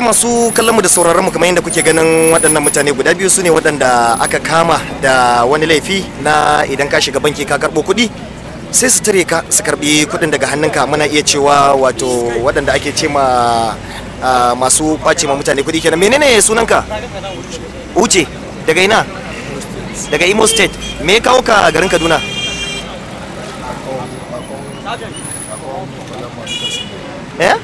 to masu kallonmu mu da sauraron mu kamar yadda kuke ganin waɗannan mutane guda biyu su ne waɗanda aka kama da wani laifi na idan ka shiga banki ka karɓo kuɗi sai su tare ka su karɓi kuɗin daga hannunka muna iya cewa wato waɗanda ake ce ma masu ɓace ma mutane kuɗi kenan menene sunanka uce daga ina daga imo state me ya kawo ka garin kaduna eh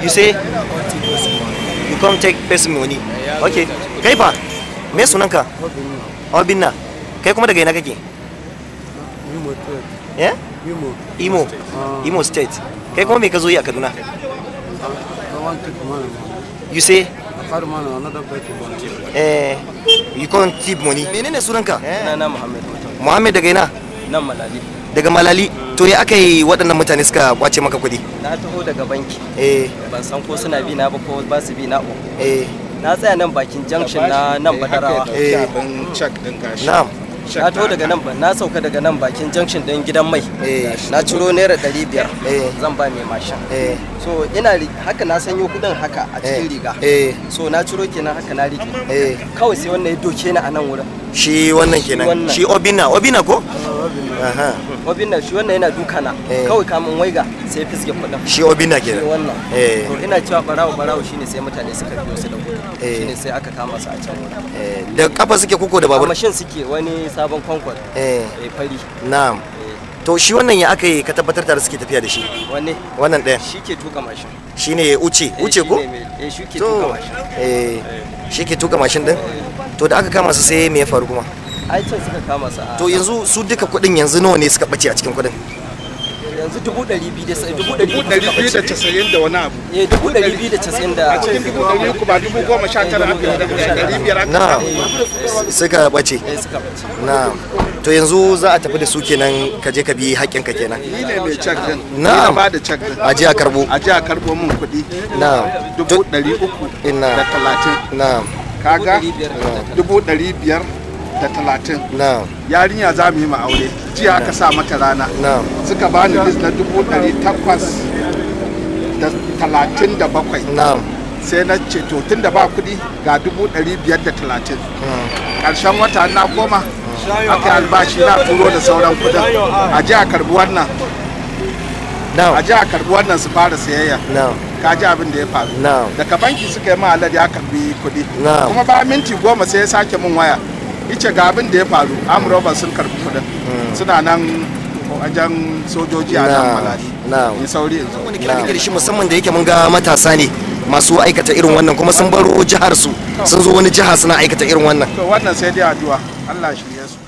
You say? You come take person money. Okay. Kai fa? Me sunanka? Obinna. Kai kuma daga ina kake? Imo State. Yeah? Imo. Imo. Ah. Imo State. Kai kuma me ka zo yi a Kaduna? You say? Eh, you can't keep money. Menene sunanka? Eh? na Muhammad. Muhammad daga ina? Nan Malali. daga malali to ya aka yi waɗannan mutane suka kwace maka kuɗi na taho daga banki eh ban san ko suna bi na ba ko ba su bi na ko eh na tsaya nan bakin junction na nan eh, badarawa eh ban check din gashi na'am na taho daga nan ba na sauka daga nan bakin junction din gidan mai eh. na ciro naira 500 biyar eh. zan ba mai mashin so ina haka na sanyo kudin haka a cikin riga so na ciro kenan haka na rike kawai sai wannan ya doke ni a nan wurin shi wannan kenan shi obina obina ko obinna shi wannan yana duka na eh. kawai kamun waiga sai fiske kudin shi kenan wannan eh. to ina cewa barawo barawo shine sai mutane suka biyo su da gudu eh. shine sai aka kama su a can wurin da kafa suke koko da babur mashin suke wani sabon kwankwan eh fari na'am to shi wannan ya aka yi ka tabbatar tare suke tafiya da shi wanne wannan ɗaya shi ke tuka mashin shi ne uce uce ko shi ke tuka mashin shi ke tuka mashin din to da aka kama su sai me ya faru kuma suka to yanzu su duka kuɗin yanzu nawa ne suka bace a cikin kuɗin yanzu dubu ɗari biyu da dubu ɗari da casa'in da wani abu eh, dubu ɗari biyu da casa'in da a cikin dubu ɗari uku ba dubu goma sha tara da ɗari biyar na suka bace eh, na to yanzu za a tafi da su kenan ka je ka bi haƙƙin ka kenan ni ne mai cak din na ba da cak din a je a karbo a je a karbo kuɗi na dubu ɗari uku da talatin na kaga dubu ɗari biyar da talatin yarinya za mu yi aure jiya aka sa mata rana suka bani list na dubu ɗari takwas da talatin da bakwai sai na ceto tun da ba kuɗi ga dubu ɗari biyar da talatin hmm. ƙarshen wata na koma aka albashi na turo da sauran kuɗin a ji a karbi wannan a ji a karbi wannan su fara sayayya ka ji abin da ya faru daga banki suka yi ma alade ya karbi kuɗi kuma ba minti goma sai ya sake min waya ice ga abin da ya faru amuraba sun karbi kudin hmm. suna nan wajen sojoji a nan malali na sauri in wani kira da shi musamman da yake mun ga matasa ne masu aikata irin wannan kuma sun baro jihar su sun zo wani jiha suna aikata irin wannan to wannan sai dai addu'a Allah shirye su